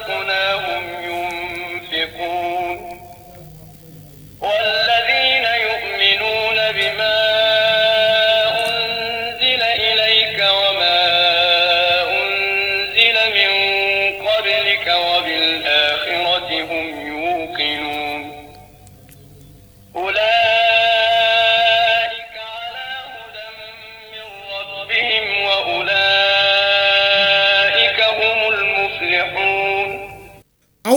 رزقناهم ينفقون والذين يؤمنون بما أنزل إليك وما أنزل من قبلك وبالآخرة هم يوقنون أولئك على هدى من ربهم وأولئك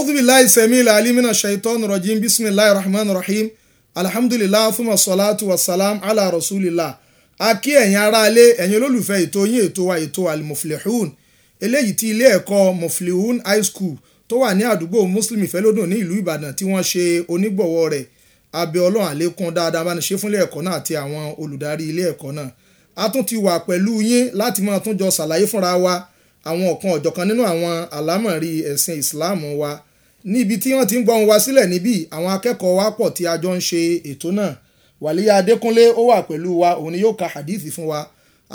أعوذ بالله السميع العليم من الشيطان الرجيم بسم الله الرحمن الرحيم الحمد لله ثم الصلاة والسلام على رسول الله akí ẹ̀yin aráalé ẹ̀yin olólùfẹ́ ètò yín ètò wa ètò almuflihun eléyìí tí ilé ẹ̀kọ́ muflihun high school tó wà ní àdúgbò muslim ìfẹ́lódùn ní ìlú ìbàdàn tí wọ́n ṣe onígbọ̀wọ́ rẹ̀ abẹ́ ọlọ́run àlékún dáadáa bá ní ṣe fúnlé ẹ̀kọ́ náà àti àwọn olùdarí ilé ẹ̀kọ́ náà a tún ti wà pẹ̀lú yín láti máa tún jọ ṣàlàyé fúnra wa àwọn ọ̀kan ọ̀jọ̀kan nínú àwọn àlámọ̀rí ẹ̀sìn ìsìláàmù wa níbi tí wọ́n ti ń gbọ́ wọn sílẹ̀ níbí àwọn akẹ́kọ̀ọ́ wa pọ̀ tí a jọ ń ṣe ètò náà wàlíyá adékúnlé ó wà pẹ̀lú wa òun ni yóò ka hadith fún wa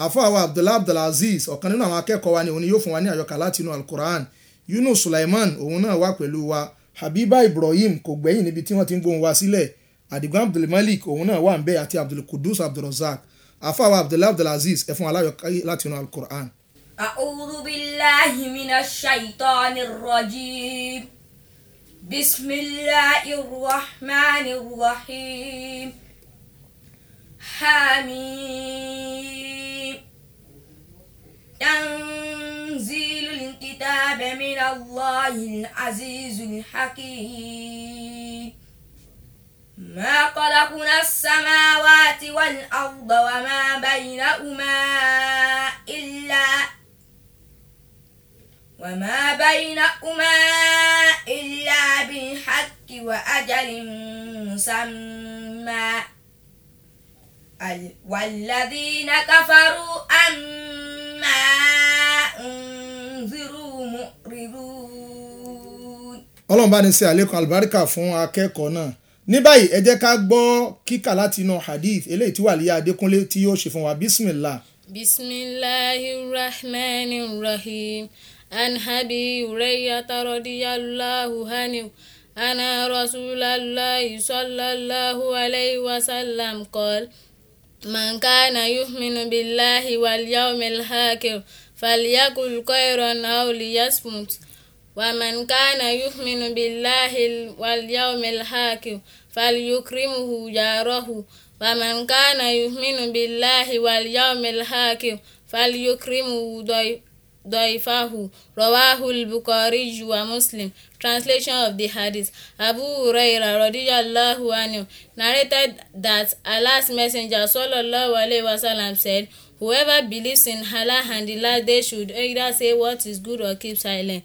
àfáà wa abdullah abdulaziz ọ̀kan nínú àwọn akẹ́kọ̀ọ́ wa ni òun ni yóò fún wa ní àyọkà láti inú alukur'an yunus sulaiman òun náà wà pẹ̀lú wa habiba ibrahim kò gbẹ́yìn níbi tí wọ́n ti ń gbóhùn wa sílẹ̀ adigun abdulmalik òun náà wà ń àti abdulkudus abdulrazak àfáà wa abdullah abdulaziz ẹ fún wa láyọkà láti inú alukur'an. a'udhu billahi minash shaitanir rajim. بسم الله الرحمن الرحيم حميم تنزيل الكتاب من الله العزيز الحكيم ما خلقنا السماوات والأرض وما بينهما إلا وما بينهما إلا بالحق وأجل مسمى والذين كفروا أما أنذروا معرضون ọlọ́run bá ní ṣe àlékún àlùbáríkà fún akẹ́kọ̀ọ́ náà ní báyìí ẹ jẹ́ ká gbọ́ kíkà láti inú hadith eléyìí tí wàlíyà adékúnlé tí yóò ṣe fún wa bismillah. bismillahir rahmanir عن أبي هريرة رضي الله عنه أن رسول الله صلى الله عليه وسلم قال من كان يؤمن بالله واليوم الآخر فليقل خيرا أو ليصمت ومن كان يؤمن بالله واليوم الآخر فليكرمه جاره ومن كان يؤمن بالله واليوم الآخر فليكرمه ضيفه ضعفه رواه البخاري ومسلم Translation of the Hadith Abu Huraira radiyallahu anhu narrated that Allah's messenger sallallahu alayhi wa sallam said whoever believes in Allah and the last day should either say what is good or keep silent.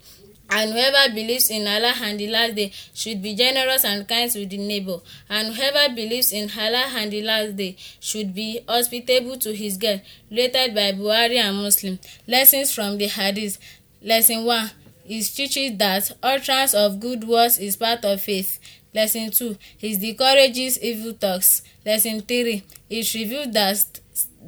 And whoever believes in Allah and the last day should be generous and kind to the neighbor. And whoever believes in Allah and the last day should be hospitable to his guest. Related by Buhari and Muslim. Lessons from the Hadith. Lesson one: It teaches that utterance of good words is part of faith. Lesson two: It discourages evil talks. Lesson three: It reveals that,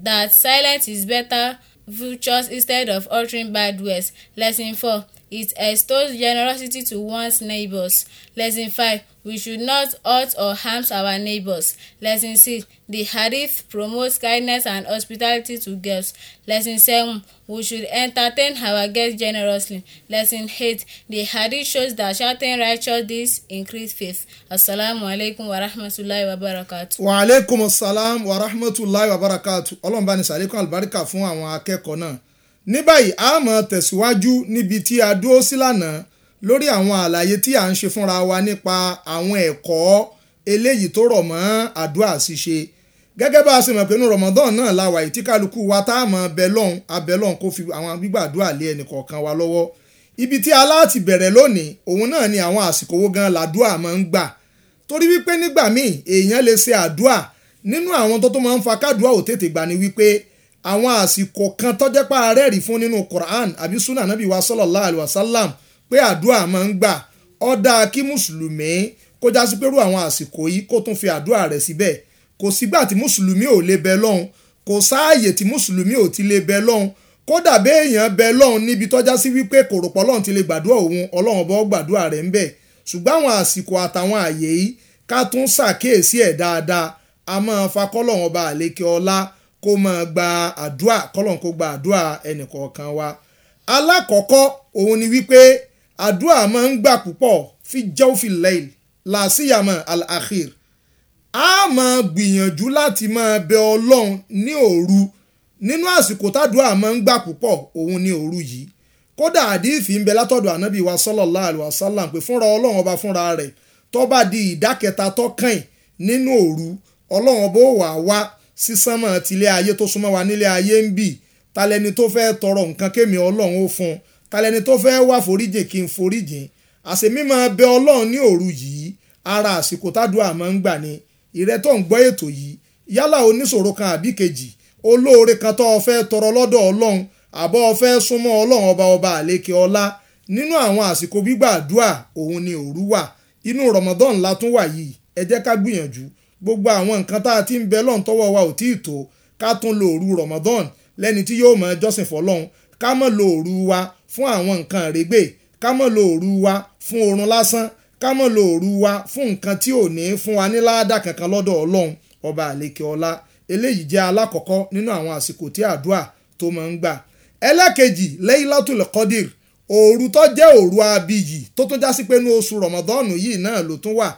that silence is better virtues instead of uttering bad words. Lesson four. It extols generosity to one's neighbors. Lesson 5. We should not hurt or harm our neighbors. Lesson 6. The Hadith promotes kindness and hospitality to guests. Lesson 7. We should entertain our guests generously. Lesson 8. The Hadith shows that shouting righteous deeds increase faith. Assalamu alaikum wa rahmatulahi wa barakatu. Wa alaikum assalam wa rahmatulahi wa barakatu. Ọlọ́run bá ní sàlékún àlùbáríkà fún àwọn akẹ́kọ̀ọ́ náà ní báyìí a máa tẹ̀síwájú níbi tí a dúró sí lánàá lórí àwọn àlàyé tí a ń ṣe fúnra wa nípa àwọn ẹ̀kọ́ eléyìí tó rọ̀ mọ́ àdúrà ṣíṣe gẹ́gẹ́ bá a ṣe mọ̀ pé inú Ramadan náà la wà tí kálukú wa tá a mọ̀ bẹ lọ́hùn abẹ lọ́hùn kó fi àwọn gbígbàdúrà lé ẹnì kọ̀ọ̀kan wa lọ́wọ́ ibi tí aláàtì bẹ̀rẹ̀ lónìí òun náà ni àwọn àsìkò wo gan làdúà máa ń gbà torí wípé nígbà míì èèyàn lè ṣe àdúà nínú àwọn tó tó máa ń fa kádùá ò tètè wípé àwọn àsìkò kan tọ́jẹ́ pa ààrẹ rí fún nínú Quran àbí sunna anabi wa sallallahu alayhi wa sallam pé àdúrà máa ń gbà ó dáa kí mùsùlùmí kó já sí pẹ̀lú àwọn àsìkò yìí kó tún fi àdúrà rẹ̀ síbẹ̀ kò sígbà tí mùsùlùmí ò lè bẹ lọ́hùn kò sáàyè tí mùsùlùmí ò ti lè bẹ lọ́hùn kódà béèyàn bẹ lọ́hùn níbi tọ́já sí wípé kò rò pọ̀ lọ́hùn ti lè gbàdúrà òun ọlọ́run bọ́ gbàdúrà rẹ̀ ń bẹ̀ ṣùgbọ́n àwọn àsìkò àtàwọn àyè yìí ká tún ṣàkíyèsí ẹ̀ dáadáa a máa fa kọ́lọ́run ọba àlékè ọlá kó máa gba àdúrà kọ́lọ́n kó gba àdúrà ẹnìkọ̀ọ̀kan wa alákọ̀ọ́kọ́ òun ni wípé àdúrà máa ń gbà púpọ̀ fi jẹ́wọ́fì lẹ́yìn làásìyàmọ̀ al-akhir a máa gbìyànjú láti máa bẹ ọlọ́run ní òru nínú àsìkò tádùá máa ń gbà púpọ̀ òun ní òru yìí kódà àdìfì ń bẹ látọ̀dọ̀ ànábì wa sallallahu alaihi wasallam pé fúnra ọlọ́run ọba fúnra rẹ̀ tó di ìdákẹta tó kàn nínú òru ọlọ́run ọba ó wà wá sísánmọ̀ tilé ayé tó súnmọ́ wa nílé ayé ń bì talẹ́ni tó fẹ́ tọrọ nǹkan kémi ọlọ́run ó fún un talẹ́ni tó fẹ́ wá foríjì kí n foríjì àṣẹ mímọ́ bẹ ọlọ́run ní òru yìí ara àsìkò tádùá máa ń gbà ni ìrẹ́ tó ń gbọ́ ètò yìí yálà oníṣòro kan àbí kejì olóore kan tó o fẹ́ tọrọ lọ́dọ̀ ọlọ́run àbọ̀ o fẹ́ súnmọ́ ọlọ́run ọba ọba àlékè ọlá nínú àwọn àsìkò gbígbàdúà òun ni òru wà inú Ramadan la tún wà yìí ẹ jẹ́ ká gbìyànjú gbogbo àwọn nǹkan tá a ti ń bẹ lọ́n tọ́wọ́ wa ò tí ì tó ká tún lo òru Ramadan lẹ́ni tí yóò mọ̀ jọ́sìn fọlọ́run ká mọ̀ lo òru wa fún àwọn nǹkan àrégbè ká mọ̀ lo òru wa fún oorun lásán ká mọ̀ lo òru wa fún nǹkan tí ò ní fún wa ní láàdá kankan lọ́dọ̀ Ọlọ́run ọba àlekè ọlá eléyìí jẹ́ alákọ̀ọ́kọ́ nínú àwọn àsìkò tí àdúà tó máa ń gbà ẹlẹ́kejì Laylatul Qadir òru tó jẹ́ òru abiyì tó tún já sí pé ní oṣù Ramadan yìí náà ló tún wà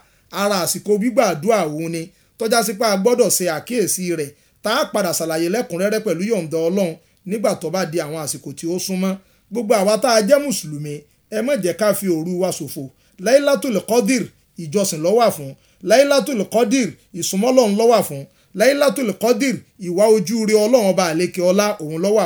ara àsìkò gbígbàdúà òun ni tọ́já sí pé a gbọ́dọ̀ ṣe àkíyèsí rẹ̀ tá a padà ṣàlàyé lẹ́kùnrẹ́rẹ́ pẹ̀lú yọ̀ǹda ọlọ́run nígbà tó bá di àwọn àsìkò tí ó súnmọ́ gbogbo àwa tá a jẹ́ mùsùlùmí ẹ má jẹ́ ká fi òru wa ṣòfò láìlátòlè kọ́dìr ìjọsìn ló wà fún láìlátòlè kọ́dìr ìsúnmọ́lọ́run ló wà fún láìlátòlè kọ́dìr ìwà ojú rí ọlọ́run ọba àlékè ọlá òun ló wà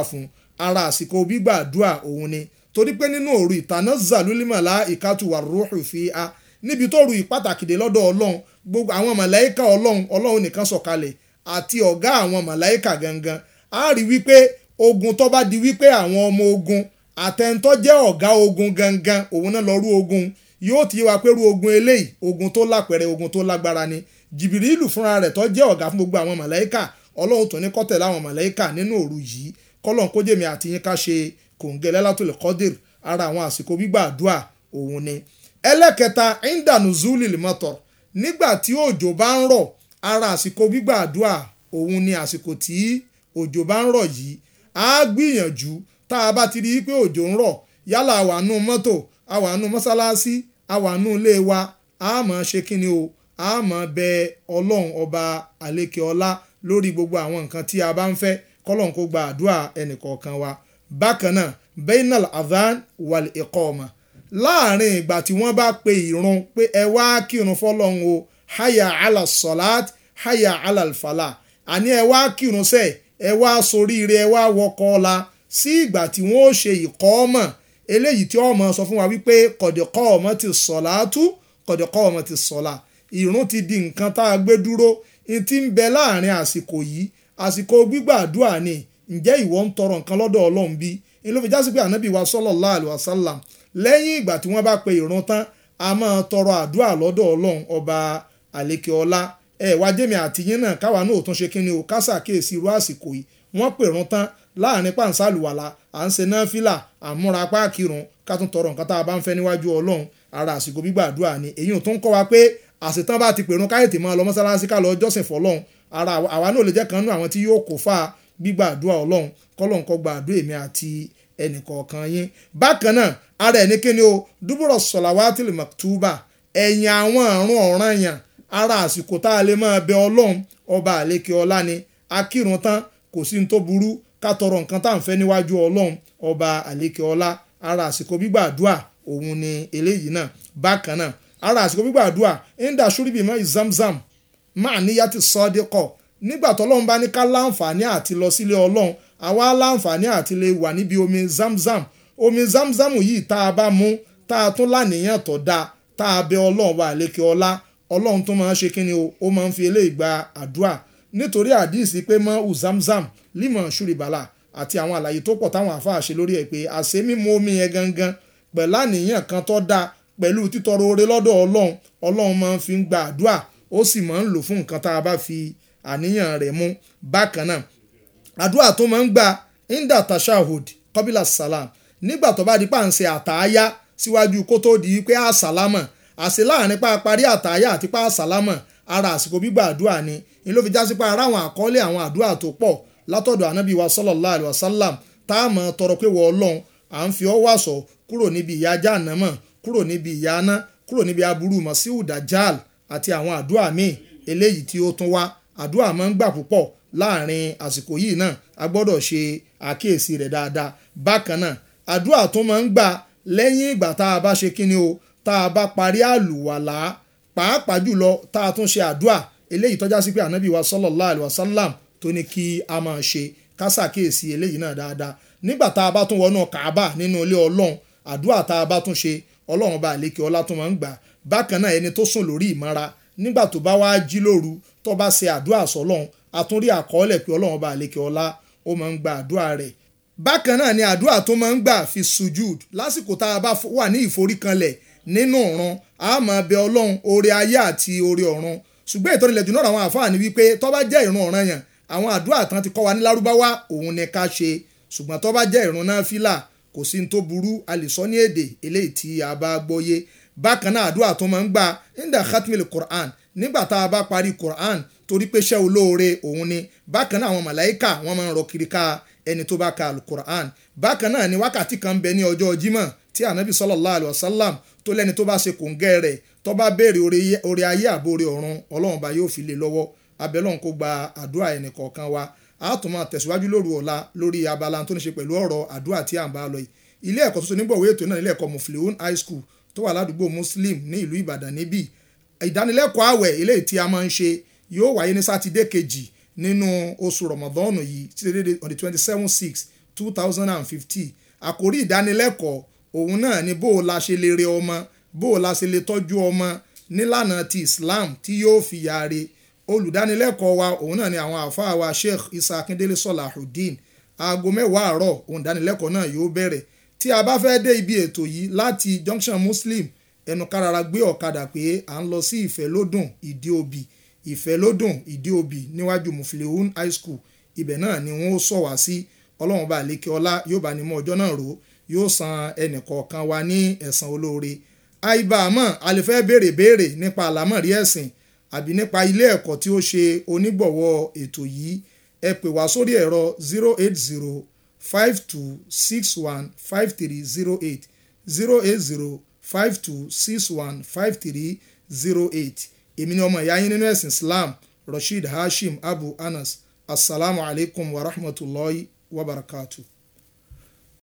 ara àsìkò gbígbà àdúrà òun ni torí pé nínú òru ìtànà zàlúlímọ̀lá ìkàtúwà rúùfì a níbi tó ru ìpàtàkì dé lọ́dọ̀ ọlọ́run gbogbo àwọn màláíkà ọlọ́run ọlọ́run nìkan sọ̀kalẹ̀ àti ọ̀gá àwọn màláíkà gangan a rí wípé ogun tó bá di wípé àwọn ọmọ ogun àtẹ̀ntọ́ jẹ́ ọ̀gá ogun gangan òun náà lọ́rú ogun yóò ti wá pẹ́rú ogun eléyìí ogun tó lápẹ̀rẹ̀ ogun tó lágbára ni jìbìrìlù fúnra rẹ̀ tó jẹ́ ọ̀gá fún gbogbo àwọn màláíkà ọlọ́run tó ní kọ́tẹ̀ láwọn màláíkà nínú òru yìí kọ́lọ̀ kó jèmi àti yín ká ṣe kòǹgẹ́ lẹ́látòlè kọ́dìr ara àwọn àsìkò gbígbà àdúà òun ni ẹlẹ́kẹta indanuzuli limotor nígbà tí òjò bá ń rọ̀ ara àsìkò gbígbà àdúrà òun ni àsìkò tí òjò bá ń rọ̀ yìí á gbìyànjú tá a bá ti rí i pé òjò ń rọ̀ yálà àwa mọ́tò àwa mọ́sálásí àwa ilé wa á máa ṣe kíni o á máa bẹ ọlọ́run ọba àlékè ọlá lórí gbogbo àwọn nǹkan tí a bá ń fẹ́ kọ́lọ́n kó gba àdúrà ẹnìkọ̀ọ̀kan wa bákan náà bainal adhan wal iqama láàrin ìgbà tí wọ́n bá pe ìrun pé ẹ wá kírun fọlọ́run o haya ala salat haya ala alfala àní ẹ wá kírun sẹ́ẹ̀ ẹ wá soríire ẹ wá wọkọ̀ ọ̀la sí ìgbà tí wọ́n ó ṣe ìkọ́ọ̀mọ̀ eléyìí tí ọmọ sọ fún wa wípé kọ̀dẹ̀kọ́ ọmọ ti sọ̀lá tú kọ̀dẹ̀kọ́ ọmọ ti sọ̀lá ìrun ti di nǹkan tá a gbé dúró ti ń bẹ láàrin àsìkò yìí àsìkò gbígbàdúrà ni ǹjẹ́ ìwọ ń tọrọ nǹkan lọ́dọ̀ ọlọ́run bí ni ló fi jásí pé lẹ́yìn ìgbà tí wọ́n bá pe ìrun tán a máa tọrọ àdúrà lọ́dọ̀ ọlọ́run ọba àlekè ọlá ẹ wá jẹ́mi àtìyín náà káwa náà ò tún ṣe kíni o kásà kíyèsí irú àsìkò yìí wọ́n pè ìrun tán láàrin pàǹsálùwàlà à ń ṣe náfìlà àmúra páàkìrun ká tún tọrọ nǹkan tá a bá ń fẹ́ níwájú ọlọ́run ara àsìkò gbígbàdúrà ni èyí ò tún kọ́ wa pé àṣetán bá ti pèrún káyọ̀tì máa lọ mọ́sálásí ká lọ jọ́sìn fọlọ́run ara àwa náà lè jẹ́ kan nú àwọn tí yóò kó fà gbígbàdúrà ọlọ́run kọ́lọ́n ẹnìkọ̀ọ̀kan yín bákan náà ara ẹ̀ ní kíni o dúbúrọ̀ sọ̀làwátìl màktúbà ẹ̀yìn àwọn àrùn ọ̀ranyàn ara àsìkò tá a lè máa bẹ ọlọ́run ọba àlékè ọlá ni akírun tán kò sí ní tó burú ká tọrọ nǹkan tá à ń fẹ́ níwájú ọlọ́run ọba àlékè ọlá ara àsìkò gbígbàdúà òun ni eléyìí náà bákan náà ara àsìkò gbígbàdúà ń dà sórí bímọ ìzámzám máa níyà ti sọ ọ́ dé kọ̀ nígbà tọ́lọ́run bá ní ká láǹfààní àti lọ sílé ọlọ́run àwa láǹfààní àti lè wà níbi omi zamzam omi zamzam yìí tá a bá mú tá a tún láníyàn tó dáa tá a bẹ ọlọ́run wa àlékè ọlá ọlọ́run tó máa ń ṣe kíni o ó máa ń fi eléyìí gba àdúrà nítorí àdìsí pé mọ́ uzamzam limon ṣùrìbàlà àti àwọn àlàyé tó pọ̀ táwọn àáfàá ṣe lórí ẹ̀ pé àṣẹ mímu omi yẹn gangan pẹ̀lú àníyàn kan tó dáa pẹ̀lú títọrọ oore lọ́dọ̀ ọlọ́run ọlọ́run máa ń fi gba àdúrà ó sì máa ń lò fún nǹkan tá a bá fi àníyàn rẹ̀ mú bákan náà àdúrà tó máa ń gba inda tashahud kọ́bílà salam nígbà tó bá di pa à ń ṣe àtàáyá síwájú kó tó di pé àsálámà àṣẹ láàrin pa parí àtàáyá àti pa àsálámà ara àsìkò gbígbà àdúrà ni ni ló fi já sí pa ara àwọn àkọọ́lé àwọn àdúrà tó pọ̀ látọ̀dọ̀ ànábì wa sallallahu alaihi wasallam tá a mọ̀ tọrọ pé wọ́n ọlọ́run à ń fi ọ́ wàsọ̀ kúrò níbi ìyà jàǹnàmọ̀ kúrò níbi ìyà aná kúrò níbi aburú mọ̀síù dajjal àti àwọn àdúrà míì eléyìí tí ó tún wá àdúrà máa ń gbà púpọ̀ láàrin àsìkò yìí náà a gbọ́dọ̀ ṣe àkíyèsí rẹ̀ dáadáa bákan náà àdúrà tó máa ń gbà lẹ́yìn ìgbà tá a bá ṣe kíni o tá a bá parí àlùwàlá pàápàá jùlọ tá a tún ṣe àdúrà eléyìí tọ́já sí pé ànábì wa sallallahu alaihi wasallam tó ní kí a máa ṣe ká ṣàkíyèsí eléyìí náà dáadáa nígbà tá a bá tún wọnú kàábà nínú ilé ọlọ́run àdúrà tá a bá tún ṣe ọlọ́run bá àlékè ọlá tó máa ń gbà bákan náà ẹni tó sùn lórí ìmọ́ra nígbà tó bá wá jí lóru tó bá ṣe àdúrà sọlọ́run àtúnrí àkọọ́lẹ̀ pé ọlọ́run ọba àlekè ọlá ó máa ń gba àdúrà rẹ̀ bákan náà ni àdúrà tó máa ń gbà fi sujud lásìkò tá a bá wà ní ìforíkanlẹ̀ nínú ọ̀run a máa bẹ ọlọ́run oore ayé àti oore ọ̀run ṣùgbọ́n ìtọ́ni ilẹ̀ dùnúrà àwọn àfáà ni wípé tó bá jẹ́ ìrun ọ̀ràn yàn àwọn àdúrà tán ti kọ́ wa ní lárúbáwá òun ni ká ṣe ṣùgbọ́n tó bá jẹ́ ìrun náà fìlà kò sí ní tó burú a lè sọ ní èdè eléyìí tí a bá gbọ́yé bákan náà àdúrà tó máa ń gbà nígbà khatmil Qur'an nígbà tá a bá parí Qur'an torí pé iṣẹ́ olóore òun ni bákan náà àwọn màláìkà wọ́n máa ń rọ kiri ká ẹni tó bá ka alukur'an bákan náà ni wákàtí kan bẹ ní ọjọ́ Jímọ̀ tí anabi sallallahu alayhi wa sallam tó lẹ́ni tó bá ṣe kòǹgẹ́ rẹ̀ tó bá béèrè orí ayé àbórí ọ̀run ọlọ́run bá yóò fi lè lọ́wọ́ abẹ́lọ́n kó gba àdúrà ẹnì kọ̀ọ̀kan wa a tún máa tẹ̀síwájú lóru ọ̀la lórí abala tó ní ṣe pẹ̀lú ọ̀rọ̀ àdúrà tí à ń bá lọ yìí ilé ẹ̀kọ́ tuntun níbọ̀wé ètò náà nílẹ̀ ẹ̀kọ́ mufleun high school tó wà ládùúgbò muslim ní ìlú ìbàdàn níbí ìdánilẹ́kọ̀ọ́ àwẹ̀ eléyìí tí a máa ń ṣe yóò wáyé ní sátidé kejì nínú oṣù rọmọdọ́ọ̀nù yìí títí dédé on the twenty seven six two thousand and fifty àkórí ìdánilẹ́kọ̀ọ́ òun náà ni bó o la ṣe lè re ọmọ bó o la ṣe lè tọ́jú ọmọ nílànà ti Islam tí yóò fi yáre olùdánilẹ́kọ̀ọ́ wa òun náà ni àwọn àáfàá wa Sheikh Isa Akindele Solahuddin aago mẹ́wàá àárọ̀ òun ìdánilẹ́kọ̀ọ́ náà yóò bẹ̀rẹ̀ tí a bá fẹ́ dé ibi ètò yìí láti junction Muslim ẹnu kárara gbé ọ̀kadà pé à ń lọ sí ìfẹ́ ìdí òbí ìfẹ́lódùn ìdíòbí níwájú mufilehun high school ibẹ̀ náà ni wọ́n sọ wá sí ọlọ́run bá lékè ọlá yóò bá ní mọ́ ọjọ́ náà rò yóò san ẹnìkọ̀ọ̀kan wa ní ẹ̀san olóore àìbá àmọ́ a lè fẹ́ béèrè béèrè nípa àlámọ̀rí ẹ̀sìn àbí nípa ilé ẹ̀kọ́ tí ó ṣe onígbọ̀wọ́ ètò yìí ẹ pè wá sórí ẹ̀rọ zero eight zero five two six one five three zero eight zero eight zero five two six one five three zero eight èmi ni ọmọ ìyá yín nínú ẹ̀sìn Islam Rasheed Hashim Abu Anas asalaamualeykum wa rahmatulahi wa barakatuh.